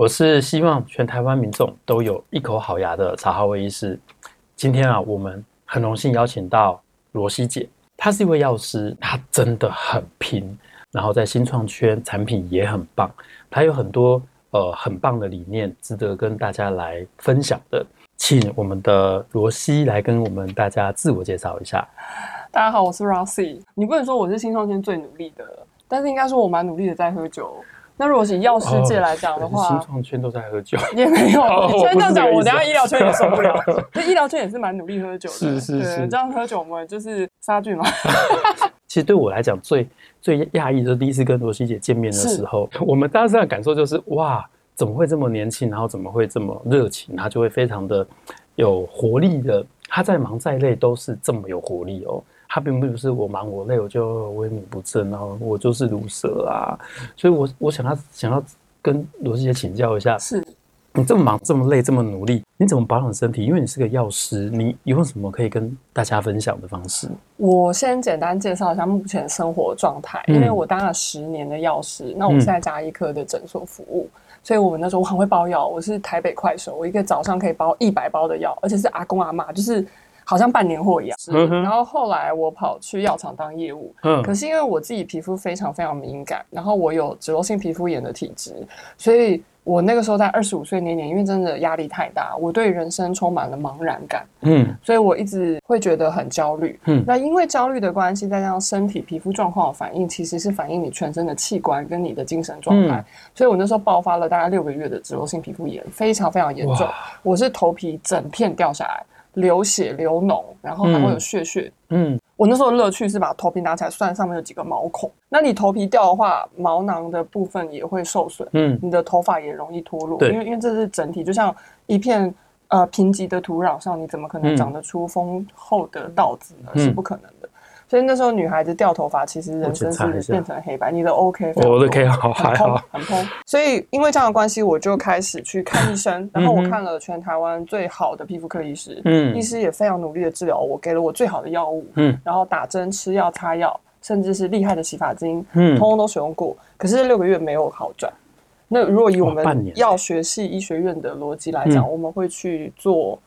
我是希望全台灣民眾都有一口好牙的曹浩威醫師。今天啊，我們很榮幸邀請到羅西姐，她是一位藥師，她真的很拼，然後在新創圈產品也很棒，她有很多呃很棒的理念值得跟大家來分享的。請我們的羅西來跟我們大家自我介紹一下。大家好，我是 Rossie。你不能說我是新創圈最努力的，但是應該說我蠻努力的在喝酒。那如果是藥師界來講的話，創、哦、圈都在喝酒，也沒有。你、哦、 這樣講、啊，我等下醫療圈也受不了。那 醫療圈也是蠻努力喝酒的、欸，是是是，這樣喝酒我們就是殺菌嘛。 其實對我來講最最訝異的就是第一次跟羅西姐見面的時候，我們當時的感受就是哇，怎麼會這麼年輕，然後怎麼會這麼熱情，她就會非常的有活力的。她再忙再累都是這麼有活力哦。他並不是我忙我累我就萎靡不振然後、哦、我就是魯蛇啊，所以我，我我想要想要跟羅師姐請教一下，是，你這麼忙這麼累這麼努力，你怎麼保養身體？因為你是個藥師，你有什麼可以跟大家分享的方式？我先簡單介紹一下目前的生活狀態、嗯，因為我當了十年的藥師，那我現在家醫科的診所服務，嗯、所以我們那時候我很會包藥，我是台北快手，我一個早上可以包一百包的藥，而且是阿公阿媽，就是。好像辦年貨一樣。Okay. 然後後來我跑去藥廠當業務。Uh. 可是因為我自己皮膚非常非常敏感，然後我有脂漏性皮膚炎的體質，所以我那個時候在二十五歲那年，因為真的壓力太大，我對人生充滿了茫然感。嗯。所以我一直會覺得很焦慮。嗯。那因為焦慮的關係，再加上身體皮膚狀況的反應，其實是反映你全身的器官跟你的精神狀態。嗯。所以我那時候爆發了大概六個月的脂漏性皮膚炎，非常非常嚴重。哇。我是頭皮整片掉下來。流血流膿，然後還會有屑屑。嗯，我那時候的樂趣是把頭皮拿起來算上面有幾個毛孔。那你頭皮掉的話，毛囊的部分也會受損。嗯，你的頭髮也容易脫落。對，因為因為這是整體，就像一片呃貧瘠的土壤上，你怎麼可能長得出豐厚的稻子呢？嗯，是不可能的。嗯嗯所以那時候女孩子掉頭髮，其實人生是變成黑白。你的 OK，我的 K 好還好，很痛 所以因為這樣的關係，我就開始去看醫生。 然後我看了全台灣最好的皮膚科醫師，嗯，醫師也非常努力的治療我，給了我最好的藥物。嗯，然後打針、吃藥、擦藥，甚至是厲害的洗髮精，嗯，通通都使用過。可是六個月沒有好轉。那如果以我們藥學系醫學院的邏輯來講，我們會去做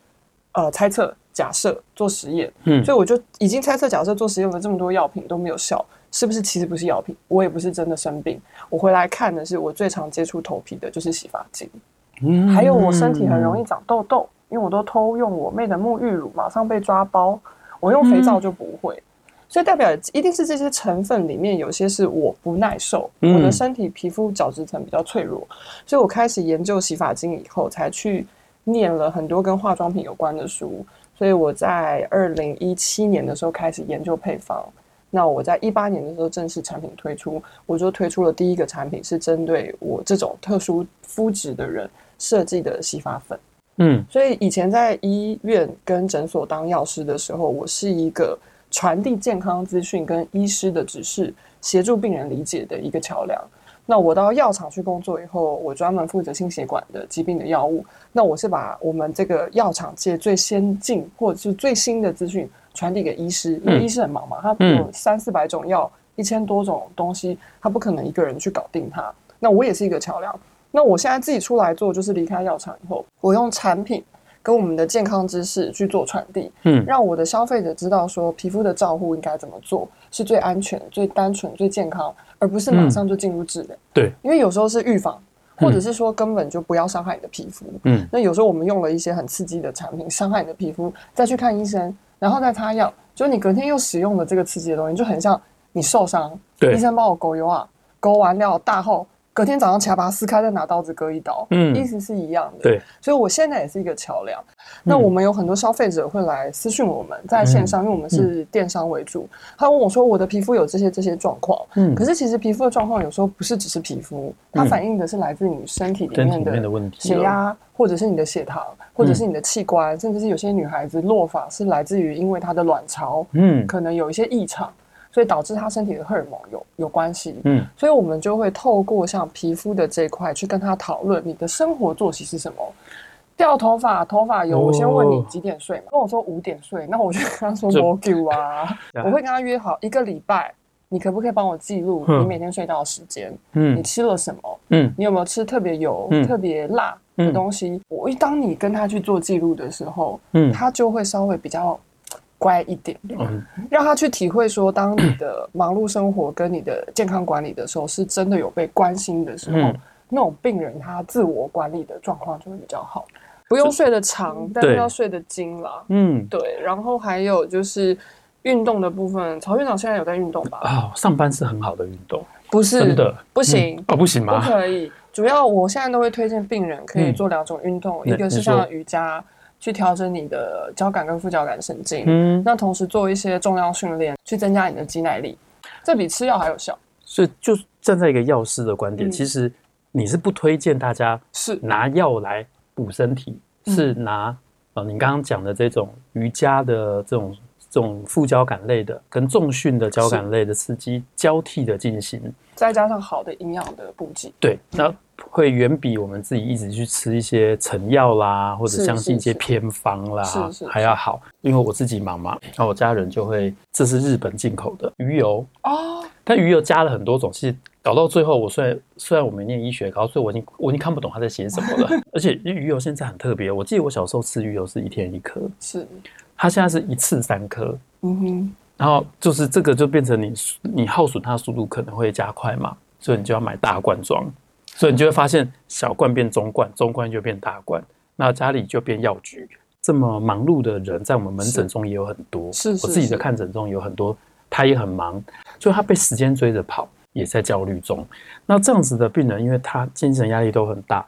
呃猜測。假設做實驗，嗯，所以我就已經猜測，假設做實驗了這麼多藥品都沒有效，是不是其實不是藥品？我也不是真的生病。我回來看的是我最常接觸頭皮的，就是洗髮精，嗯，還有我身體很容易長痘痘，因為我都偷用我妹的沐浴乳，馬上被抓包。我用肥皂就不會，嗯，所以代表一定是這些成分裡面有些是我不耐受，嗯，我的身體皮膚角質層比較脆弱，所以我開始研究洗髮精以後，才去念了很多跟化妝品有關的書。所以我在二零一七年的時候開始研究配方，那我在一八年的時候正式產品推出，我就推出了第一個產品是針對我這種特殊膚質的人設計的洗髮粉。嗯，所以以前在醫院跟診所當藥師的時候，我是一個傳遞健康資訊跟醫師的指示，協助病人理解的一個橋梁。那我到藥廠去工作以後，我專門負責心血管的疾病的藥物。那我是把我們這個藥廠界最先進或者是最新的資訊傳遞給醫師，因為醫師很忙嘛，他有三四百種藥，一千多種東西，他不可能一個人去搞定它。那我也是一個橋梁。那我現在自己出來做，就是離開藥廠以後，我用產品。跟我們的健康知識去做傳遞，嗯，讓我的消費者知道說，皮膚的照護應該怎麼做是最安全、最單純、最健康，而不是馬上就進入治療。嗯，對，因為有時候是預防，或者是說根本就不要傷害你的皮膚。嗯，那有時候我們用了一些很刺激的產品，傷害你的皮膚，嗯，再去看醫生，然後再擦藥，就是你隔天又使用了這個刺激的東西，就很像你受傷，對，醫生幫我勾油啊，勾完了大後，隔天早上起來把它撕開，再拿刀子割一刀，嗯，意思是一樣的，對。所以我現在也是一個橋梁，嗯。那我們有很多消費者會來私訊我們，在線上，嗯，因為我們是電商為主。嗯、他問我說：“我的皮膚有這些這些狀況，嗯，可是其實皮膚的狀況有時候不是只是皮膚，嗯，它反映的是來自你身體裡面的，裡面的問題，血壓或者是你的血糖，或者是你的器官，嗯，甚至是有些女孩子落髮是來自於因為她的卵巢，嗯，可能有一些異常。”所以導致他身體的荷爾蒙有有關係，嗯，所以我們就會透過像皮膚的這一塊去跟他討論，你的生活作息是什麼，掉頭髮，頭髮油。哦，我先問你幾點睡嘛，跟我說五點睡，那我就跟他說，我羯啊就，我會跟他約好一個禮拜，你可不可以幫我記錄你每天睡覺的時間，嗯，你吃了什麼，嗯，你有沒有吃特別油，嗯、特別辣的東西？嗯？我一當你跟他去做記錄的時候，嗯，他就會稍微比較。乖一點，讓他去體會說，當你的忙碌生活跟你的健康管理的時候，是真的有被關心的時候，嗯，那種病人他自我管理的狀況就會比較好。不用睡得長，但是要睡得精了。嗯，對。然後還有就是運動的部分，曹院長現在有在運動吧？啊、哦，上班是很好的運動，不是的不行啊、嗯哦，不行嗎？不可以。主要我現在都會推薦病人可以做兩種運動，嗯、一個是像瑜伽。去調整你的交感跟副交感的神經，嗯，那同時做一些重量訓練，去增加你的肌耐力，這比吃藥還有效。所以就站在一個藥師的觀點，嗯，其實你是不推薦大家是拿藥來補身體，是，是拿哦、嗯呃，你剛剛講的這種瑜伽的這種這種副交感類的跟重訓的交感類的刺激交替的進行，再加上好的營養的補給，對，那。嗯會遠比我們自己一直去吃一些成藥啦，或者相信一些偏方啦，是是是還要好。是是是，因為我自己忙嘛，嗯、然後我家人就會，嗯、這是日本進口的魚油哦。但魚油加了很多種，其實搞到最後，我雖然雖然我沒念醫學高，所以我已經我已經看不懂他在寫什麼了。 而且魚油現在很特別，我記得我小時候吃魚油是一天一顆，是，他現在是一次三顆，嗯哼。然後就是這個就變成你你耗損它的速度可能會加快嘛，所以你就要買大罐裝。所以你就會發現，小罐變中罐，中罐就變大罐，那家裡就變藥局。這麼忙碌的人，在我們門診中也有很多。是，是，是，我自己的看診中有很多，他也很忙，所以他被時間追着跑，也在焦慮中。那這樣子的病人，因為他精神壓力都很大，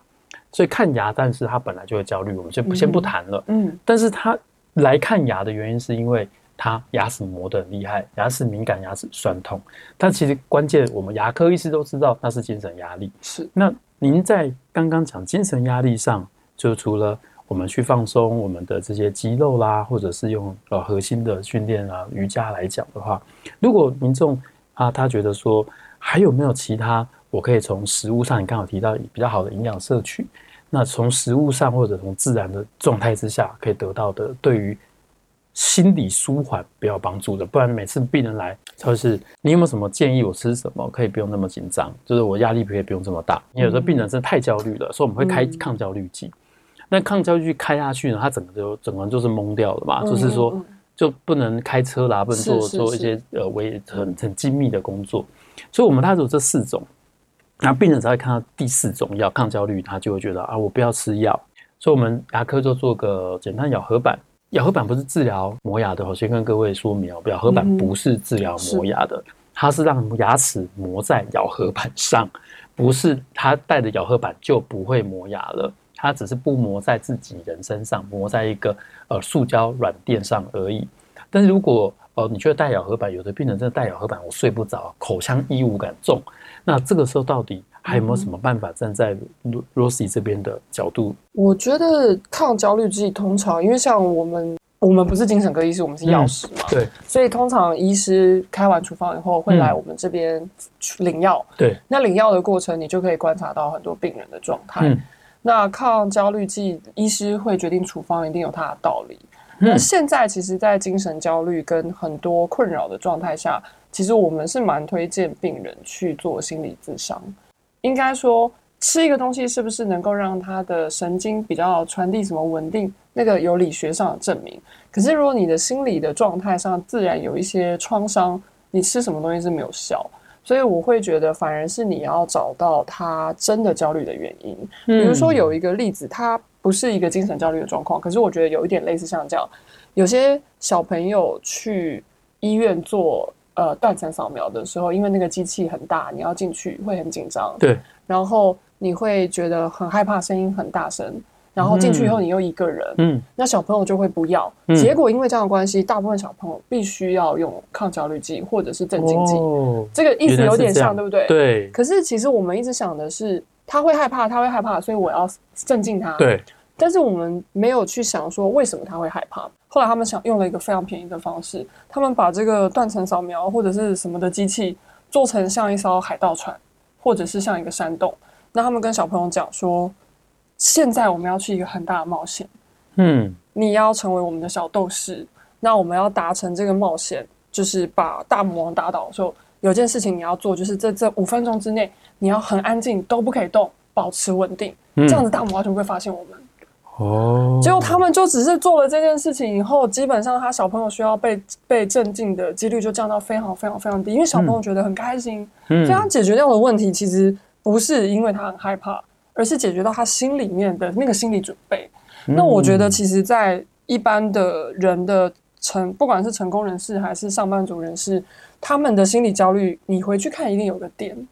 所以看牙，但是他本來就會焦慮，我們先不先不談了嗯。嗯，但是他來看牙的原因是因為。他牙齒磨得很厲害，牙齒敏感，牙齒酸痛。但其實關鍵，我們牙科醫師都知道，那是精神壓力。是，那您在剛剛講精神壓力上，就除了我們去放鬆我們的這些肌肉啦，或者是用呃核心的訓練啊、瑜伽來講的話，如果民眾啊，他覺得說還有沒有其他，我可以從食物上，你剛好提到比較好的營養攝取，那從食物上或者從自然的狀態之下可以得到的，對於。心理舒緩比較有幫助的，不然每次病人來就是你有沒有什麼建議？我吃什麼可以不用那麼緊張？就是我壓力可以不用這麼大。因為有時候病人真的太焦慮了、嗯，所以我們會開抗焦慮劑、嗯。那抗焦慮劑開下去呢，他整個就整個人就是懵掉了嘛，嗯、就是說、嗯、就不能開車啦，不能做是是是做一些呃微很很精密的工作。所以，我們他有這四種，那病人只要看到第四種藥抗焦慮，他就會覺得啊，我不要吃藥。所以，我們牙科就做個簡單咬合板。咬合板不是治療磨牙的，我先跟各位說明哦，咬合板不是治療磨牙的，嗯，它是讓牙齒磨在咬合板上，不是它戴着咬合板就不會磨牙了，它只是不磨在自己人身上，磨在一個呃塑膠軟墊上而已。但是如果呃你覺得戴咬合板，有的病人真的戴咬合板我睡不着，口腔異物感重，那這個時候到底？還有沒有什麼辦法，站在羅羅氏這邊的角度？嗯？我覺得抗焦慮劑通常，因為像我們，我們不是精神科醫師，我們是藥師嘛，嗯，對，所以通常醫師開完處方以後，會來我們這邊領藥，嗯，對。那領藥的過程，你就可以觀察到很多病人的狀態，嗯。那抗焦慮劑，醫師會決定處方，一定有它的道理，嗯。那現在其實，在精神焦慮跟很多困擾的狀態下，其實我們是蠻推薦病人去做心理諮商。應該說，吃一個東西是不是能夠讓他的神經比較傳遞什麼穩定？那個有理學上的證明。可是如果你的心理的狀態上自然有一些創傷，你吃什麼東西是沒有效。所以我會覺得，反而是你要找到他真的焦慮的原因。嗯。比如說有一個例子，他不是一個精神焦慮的狀況，可是我覺得有一點類似像這樣，有些小朋友去醫院做。呃，斷層掃描的時候，因為那個機器很大，你要進去會很緊張。對，然後你會覺得很害怕，聲音很大聲，然後進去以後你又一個人，嗯，那小朋友就會不要。嗯。結果因為這樣的關係，大部分小朋友必須要用抗焦慮劑或者是鎮靜劑，哦。這個意思有點像，對不對？對。可是其實我們一直想的是，他會害怕，他會害怕，所以我要鎮靜他。對。但是我們沒有去想說，為什麼他會害怕。後來他們想用了一個非常便宜的方式，他們把這個斷層掃描或者是什麼的機器做成像一艘海盜船，或者是像一個山洞。那他們跟小朋友講說，現在我們要去一個很大的冒險，嗯，你要成為我們的小鬥士。那我們要達成這個冒險，就是把大魔王打倒的時候。說有件事情你要做，就是在這五分鐘之內，你要很安靜，都不可以動，保持穩定、嗯。這樣子大魔王就不會發現我們。哦、oh，結果他們就只是做了這件事情以後，基本上他小朋友需要被被鎮靜的幾率就降到非常非常非常低，因為小朋友覺得很開心。嗯、所以他解決掉的問題其實不是因為他很害怕，而是解決到他心裡面的那個心理準備。嗯嗯那我覺得，其實，在一般的人的成，不管是成功人士還是上班族人士，他們的心理焦慮，你回去看一定有個點。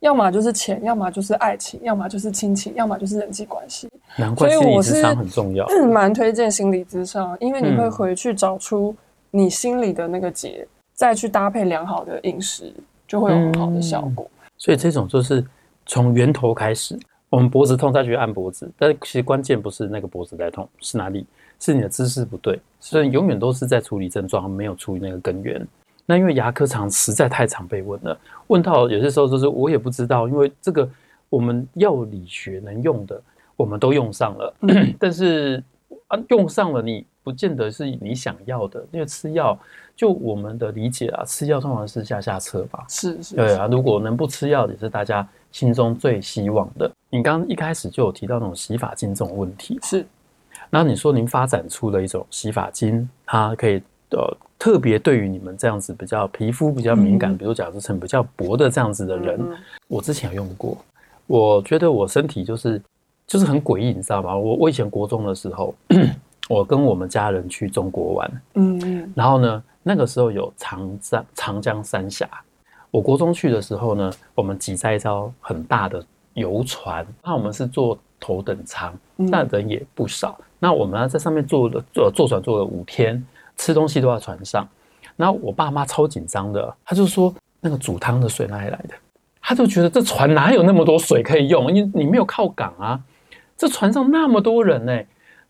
要麼就是錢，要麼就是愛情，要麼就是親情，要麼就是人際關係。難怪心理諮商很重要，蠻推薦心理諮商，因為你會回去找出你心裡的那個結，嗯、再去搭配良好的飲食，就會有很好的效果。嗯、所以這種就是從源頭開始。我們脖子痛，再去按脖子，但其實關鍵不是那個脖子在痛，是哪裡？是你的姿勢不對。所以永遠都是在處理症狀，沒有處理那個根源。那因為牙科長實在太常被問了，問到有些時候就是我也不知道，因為這個我們藥理學能用的我們都用上了， 但是啊，用上了你不見得是你想要的，因為吃藥就我們的理解啊，吃藥通常是下下策吧。是是，是。對啊，如果能不吃藥也是大家心中最希望的。你剛剛一開始就有提到那種洗髮精這種問題啊，是。那你說您發展出了一種洗髮精，它可以。呃，特別對於你們這樣子比較皮膚比較敏感，嗯、比如角質層比較薄的這樣子的人，嗯、我之前有用過。我覺得我身體就是就是很詭異，你知道嗎？我我以前國中的時候， 我跟我們家人去中國玩，嗯，然後呢，那個時候有長江長江三峽。我國中去的時候呢，我們擠在一艘很大的遊船，那我們是坐頭等艙，但人也不少、嗯。那我們在上面坐了坐坐船坐了五天。吃東西都在船上，然後我爸媽超緊張的，他就說那個煮湯的水哪裡來的？他就覺得這船哪有那麼多水可以用？因為你沒有靠港啊，這船上那麼多人呢、欸。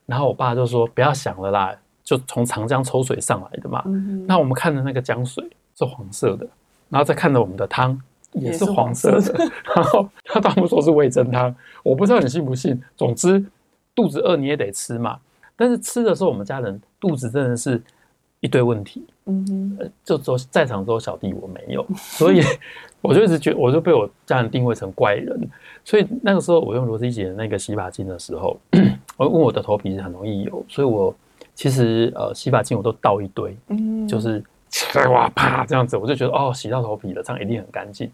然後我爸就說：“不要想了啦，就從長江抽水上來的嘛。嗯”那我們看的那個江水是黃色的，然後再看着我們的湯也是黃色的，色的 然後他當們說是味噌湯，我不知道你信不信。總之肚子餓你也得吃嘛。但是吃的時候我們家人肚子真的是。一堆問題，嗯，就說在場說小弟我沒有，所以我就一直覺得，我就被我家人定位成怪人，所以那個時候我用羅氏姐的那個洗髮精的時候，我問 我的頭皮是很容易油，所以我其實呃洗髮精我都倒一堆，嗯，就是哇啪這樣子，我就覺得哦洗到頭皮了，這樣一定很乾淨。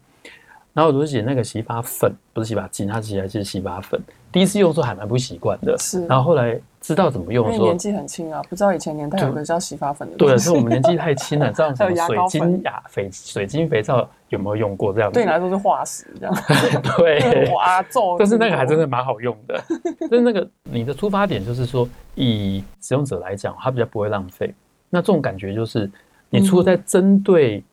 然後羅氏姐那個洗髮粉不是洗髮精，它其實還是洗髮粉，第一次用的時候還蠻不習慣的，然後後來。知道怎麼用？因為年紀很輕啊，不知道以前年代有個叫洗髮粉的。對， 是我們年紀太輕了，知道什麼水晶牙肥、水晶肥皂有沒有用過這樣？對你來說是化石這樣。 對，我阿但是那個還真的蠻好用的。但那個你的出發點就是說，以使用者來講，它比較不會浪費。那這種感覺就是，你除了在針對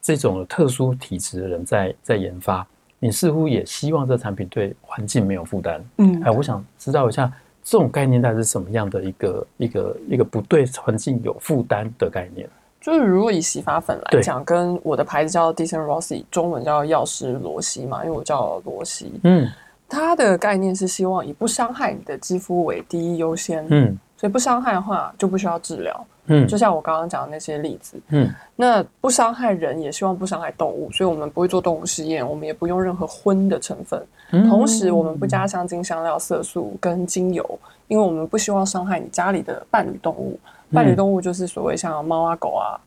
這種特殊體質的人在在研發，你似乎也希望這產品對環境沒有負擔。嗯，哎，我想知道一下。這種概念，它是什麼樣的一個一個一個不對環境有負擔的概念？就是如果以洗髮粉來講，跟我的牌子叫 Decent Rossi，中文叫藥師羅西嘛，因為我叫羅西，嗯，它的概念是希望以不傷害你的肌膚為第一優先，嗯。所以不傷害的話，就不需要治療。嗯，就像我剛剛講的那些例子。嗯，那不傷害人，也希望不傷害動物。所以，我們不會做動物實驗，我們也不用任何葷的成分。嗯、同時，我們不加香精、香料、色素跟精油、嗯，因為我們不希望傷害你家裡的伴侶動物。嗯、伴侶動物就是所謂像貓啊、狗啊、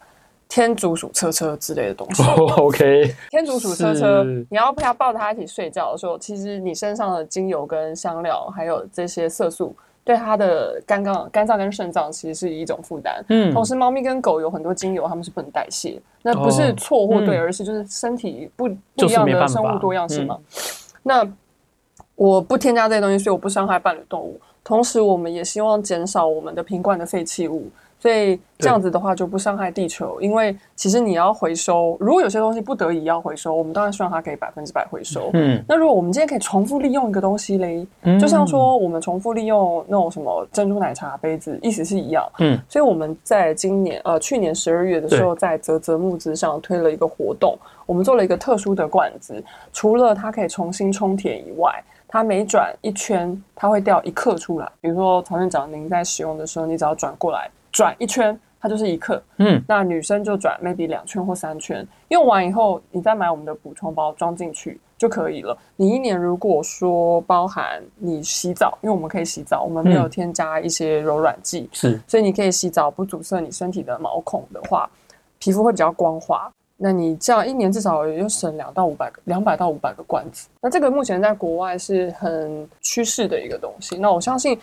天竺鼠、車車之類的東西。哦、OK，天竺鼠、車車，你要不要抱着它一起睡覺的時候？其實你身上的精油跟香料，還有這些色素。對它的肝臟、肝臟跟腎臟其實是一種負擔，嗯。同時貓咪跟狗有很多精油，他們是不能代謝。哦，那不是錯或對，嗯，而是就是身體不不一樣的生物多樣性嘛，就是嗯。那我不添加這些東西，所以我不傷害伴侶動物。同時，我們也希望減少我們的瓶罐的廢棄物。對這樣子的話就不傷害地球，因為其實你要回收，如果有些東西不得已要回收，我們當然希望它可以百分之百回收。嗯，那如果我們今天可以重複利用一個東西嘞，就像說我們重複利用那種什麼珍珠奶茶杯子，嗯、意思是一樣。嗯，所以我們在今年呃去年十二月的時候，在嘖嘖募資上推了一個活動，我們做了一個特殊的罐子，除了它可以重新充填以外，它每轉一圈它會掉一克出來。比如說曹院長您在使用的時候，你只要轉過來。轉一圈，它就是一克。嗯，那女生就轉 maybe 兩圈或三圈。用完以後，你再買我們的補充包裝進去就可以了。你一年如果說包含你洗澡，因為我們可以洗澡，我們沒有添加一些柔軟劑、嗯，是，所以你可以洗澡不阻塞你身體的毛孔的話，皮膚會比較光滑。那你這樣一年至少也就省兩到五百個，兩百到五百個罐子。那這個目前在國外是很趨勢的一個東西。那我相信。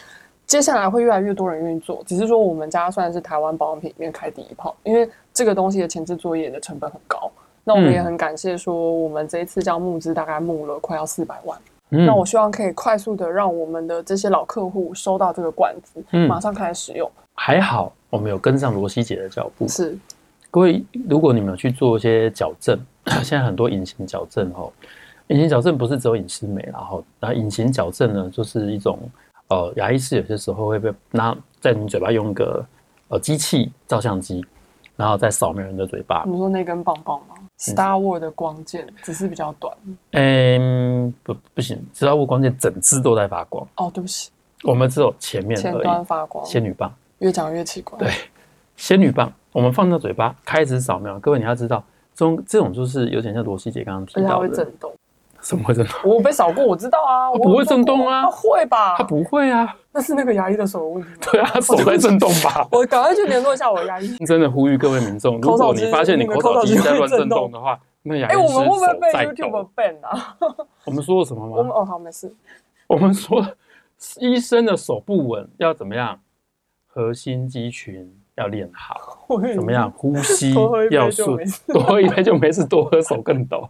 接下來會越來越多人願意做，只是說我們家算是台灣保養品裡面開第一炮，因為這個東西的前置作業的成本很高。那我們也很感謝說，我們這一次叫募資，大概募了快要四百萬、嗯。那我希望可以快速的讓我們的這些老客戶收到這個管子、嗯，馬上開始使用。還好我們有跟上羅西姐的腳步。是，各位，如果你們有去做一些矯正，現在很多隱形矯正吼，隱形矯正不是只有隱適美，然後那隱形矯正呢，就是一種。呃、哦，牙醫是有些時候會被拿在你嘴巴用一個呃機器照相機，然後再掃描人的嘴巴。比如說那根棒棒嗎 Star Wars 的光劍只是比較短，欸。嗯，不，不行 Star Wars 光劍整支都在發光。哦，對不起，我們只有前面前端發光。仙女棒，越講越奇怪。對，仙女棒，我們放到嘴巴開始掃描。各位你要知道，這種這種就是有點像羅西姐剛剛提到的。而且震動。什麼震動？我被掃過，我知道啊。我不會震動啊。動啊？它會吧？他不會啊。那是那個牙醫的手的問題嗎？對啊，手會震動吧？ 我趕快就聯絡一下我牙醫。真的呼籲各位民眾，如果你發現你口掃機在亂震動的話，那牙醫的手在抖。哎、欸，我們會不會被 YouTube ban 啊？ 我們說過什麼嗎？我們哦，好，沒事。我們說醫生的手不穩要怎麼樣？核心肌群要練好。怎麼樣？呼吸要順。多喝，多，喝 多喝一杯就沒事，多喝手更抖。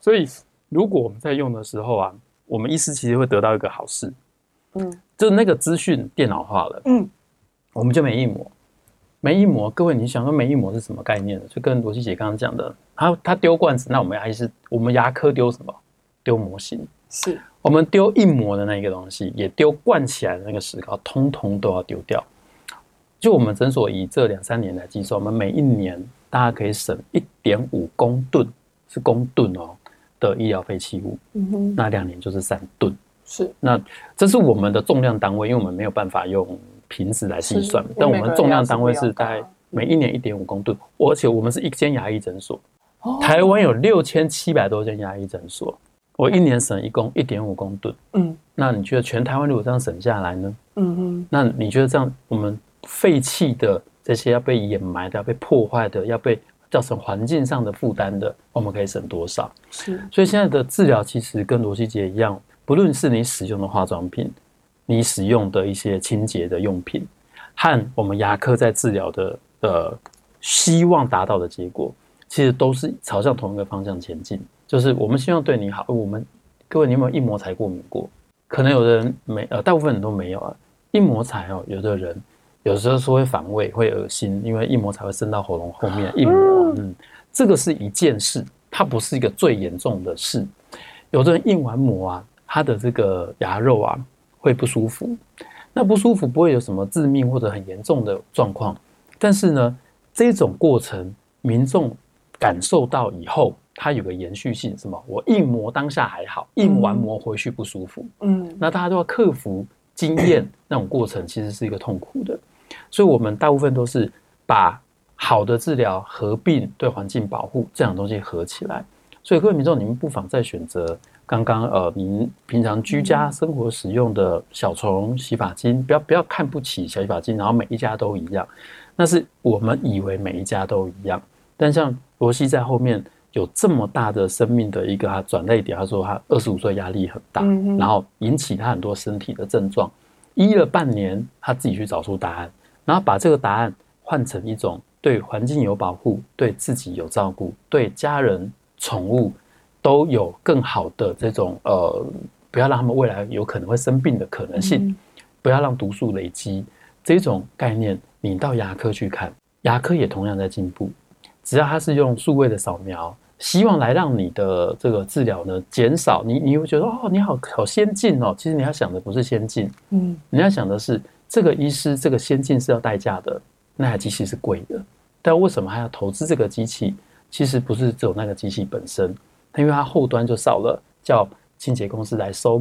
所以。如果我們在用的時候啊，我們醫師其實會得到一個好事，嗯，就是那個資訊電腦化了，嗯，我們就沒印模，沒印模。各位，你想說沒印模是什麼概念呢？就跟羅希姐剛剛講的，他他丟罐子，那我們還是我們牙科丟什麼？丟模型，是我們丟印模的那一個東西，也丟灌起來的那個石膏，通通都要丟掉。就我們診所以這兩三年來計算，我們每一年大概可以省一點五公噸，是公噸哦。的醫療廢棄物，嗯、那兩年就是三噸，是。那這是我們的重量單位、嗯，因為我們沒有辦法用瓶子來計算，但我們重量單位是在每一年一點五公噸、嗯，而且我們是一間牙醫診所，哦、台灣有六千七百多間牙醫診所、哦，我一年省一共一點五公噸，嗯，那你覺得全台灣如果這樣省下來呢？嗯哼，那你覺得這樣我們廢棄的這些要被掩埋的、要被破壞的、要被。造成環境上的負擔的，我們可以省多少？是，所以現在的治療其實跟羅西姐一樣，不論是你使用的化妝品，你使用的一些清潔的用品，和我們牙科在治療的呃，希望達到的結果，其實都是朝向同一個方向前進。就是我們希望對你好，呃、我們各位，你有沒有一模材過敏過？可能有的人沒，呃，大部分人都沒有啊。一模材哦，有的人。有的時候說會反胃、會噁心，因為印模才會伸到喉嚨後面。印模，嗯，這個是一件事，它不是一個最嚴重的事。有的人印完模啊，他的這個牙肉啊會不舒服，那不舒服不會有什麼致命或者很嚴重的狀況。但是呢，這種過程民眾感受到以後，它有個延續性，什麼？我印模當下還好，印完模回去不舒服，嗯，嗯，那大家都要克服經驗，那種過程，其實是一個痛苦的。所以，我們大部分都是把好的治療合併對環境保護這樣的東西合起來。所以，各位民眾，你們不妨再選擇剛剛呃，您平常居家生活使用的小蟲洗髮精，不要不要看不起小洗髮精。然後每一家都一樣，那是我們以為每一家都一樣。但像羅西在後面有這麼大的生命的一個轉捩點，他說他二十五歲壓力很大，然後引起他很多身體的症狀，醫了半年，他自己去找出答案。然後把這個答案換成一種對環境有保護、對自己有照顧、對家人、寵物都有更好的這種呃，不要讓他們未來有可能會生病的可能性，不要讓毒素累積這種概念。你到牙科去看，牙科也同樣在進步。只要它是用數位的掃描，希望來讓你的這個治療呢減少。你你會覺得哦，你好好先進哦。其實你要想的不是先進，嗯，你要想的是，這個醫師，這個先進是要代價的，那台機器是貴的，但為什麼還要投資這個機器？其實不是只有那個機器本身，它因為它後端就少了叫清潔公司來收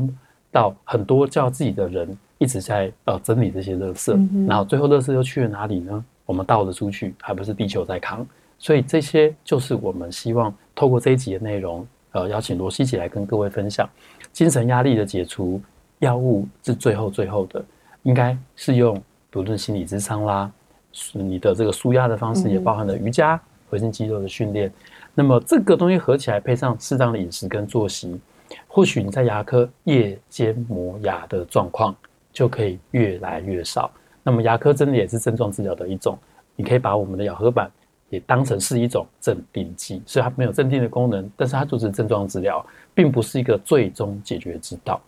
到很多叫自己的人一直在呃整理這些垃圾，嗯，然後最後垃圾又去了哪裡呢？我們倒了出去，還不是地球在扛？所以這些就是我們希望透過這一集的內容，呃，邀請羅西姐來跟各位分享精神壓力的解除，藥物是最後最後的，應該是用獨頓心理支撐啦，是你的這個舒壓的方式也包含了瑜伽、核心肌肉的訓練。嗯。那麼這個東西合起來，配上適當的飲食跟作息，或許你在牙科夜間磨牙的狀況就可以越來越少。那麼牙科真的也是症狀治療的一種，你可以把我們的咬合板也當成是一種鎮定劑，雖然它沒有鎮定的功能，但是它就是症狀治療，並不是一個最終解決之道。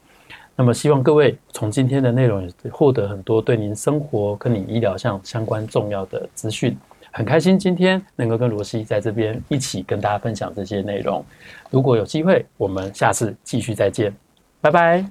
那麼，希望各位從今天的內容獲得很多對您生活跟你醫療上相關重要的資訊。很開心今天能夠跟羅西在這邊一起跟大家分享這些內容。如果有機會，我們下次繼續再見，拜拜。